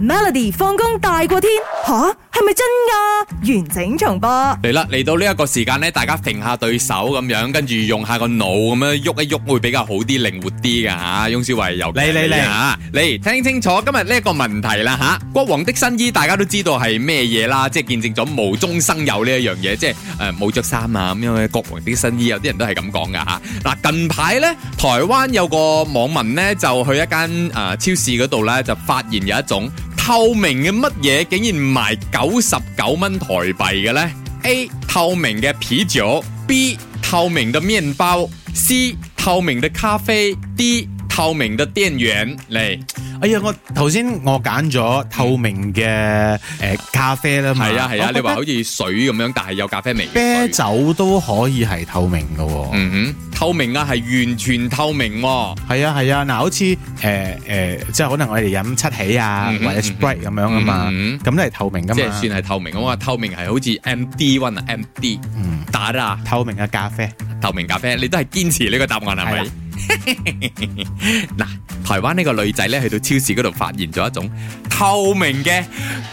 Melody 放工大過天吓，係咪真噶？完整重播嚟啦，嚟到呢一個時間咧，大家停下對手咁樣，跟住用下個腦咁樣喐一喐會比較好啲，靈活啲噶吓。翁小維又嚟嚟嚟，吓，嚟聽清楚今日呢一個問題啦吓。國王的新衣大家都知道係咩嘢啦，即係見證咗無中生有呢一樣嘢，即係誒冇着衫啊咁樣嘅國王的新衣，有啲人都係咁講噶吓。嗱近排呢，台灣有個網民呢，就去一間誒、呃、超市嗰度咧就發現有一種。透明嘅乜嘢竟然賣九十九蚊台幣嘅呢？a 透明嘅啤酒 b 透明嘅麵包，C. 透明嘅咖啡，D. 透明嘅電源嚟，哎呀，我頭先我揀咗透明嘅誒咖啡啦嘛，係 啊係啊，你話好似水咁樣，但係有咖啡味，啤酒都可以係透明噶、哦，嗯哼，透明啊，係完全透明、哦，係啊係啊，嗱、啊，好似誒誒，即係、呃、可能我哋飲七喜啊或者 Sprite 咁、嗯嗯嗯、樣啊嘛，咁都係透明噶嘛，即係算係透明，我話透明係好似 MD one 啊 MD，打大大透明嘅咖啡。透明咖啡，你都係堅持呢個答案係咪？嗱。台灣呢個女仔咧去到超市嗰度發現咗一種透明嘅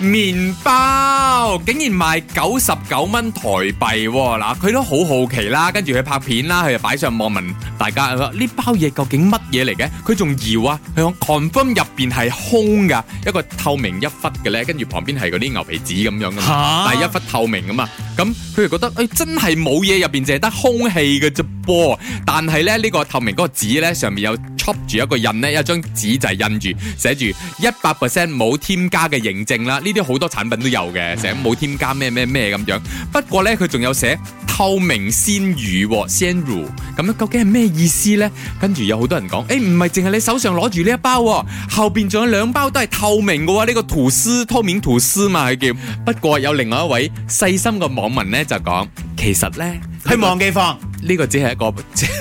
麵包，竟然賣九十九蚊台幣，啊。嗱、啊，佢都好好奇啦，跟住佢拍片啦，佢就擺上網問大家，呢包嘢究竟乜嘢嚟嘅？佢仲搖啊，佢講 confirm 入邊係空噶，一個透明一忽嘅咧，跟住旁邊係嗰啲牛皮紙咁樣，係、啊、一忽透明噶嘛。咁、嗯、佢就覺得，誒、欸，真係冇嘢入邊淨係得空氣嘅啫噃。但係咧呢、這個透明嗰個紙咧上面有，托住一個印咧，一張紙就係印住寫住一百 percent 冇添加嘅認證啦。呢啲好多產品都有嘅，寫冇添加咩咩咩咁樣。不過呢，佢仲有寫透明鮮乳，鮮乳咁樣究竟係咩意思呢？跟住有好多人講，誒、欸，唔係淨係你手上攞住呢一包，後邊仲有兩包都係透明嘅喎。呢、這個吐司，透明吐司嘛，佢叫。不過有另外一位細心嘅網民呢，就講，其實呢。」佢忘記放呢個只係一個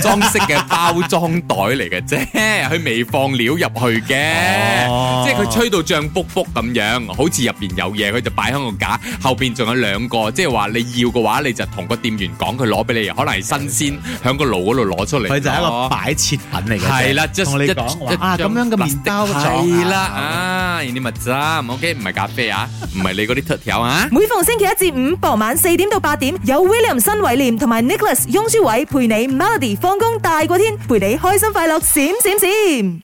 裝飾嘅包裝袋嚟嘅啫，佢未放料入去嘅，即係佢吹到脹卜卜咁樣，好似入邊有嘢，佢就擺喺個架後邊，仲有兩個，即係話你要嘅話，你就同個店員講，佢攞俾你，可能係新鮮，響個爐嗰度攞出嚟。佢就係一個擺設品嚟嘅，係啦，即係一張咁樣嘅麪包咗。係啦，啊，你咪執，OK，唔係咖啡啊，唔係你嗰啲特有啊。每逢星期一至五傍晚四點到八點，有 William 新偉念。同埋。Nicholas、Nicholas, 雍舒偉陪你 Melody 放工大過天，陪你開心快樂閃閃閃。閃閃閃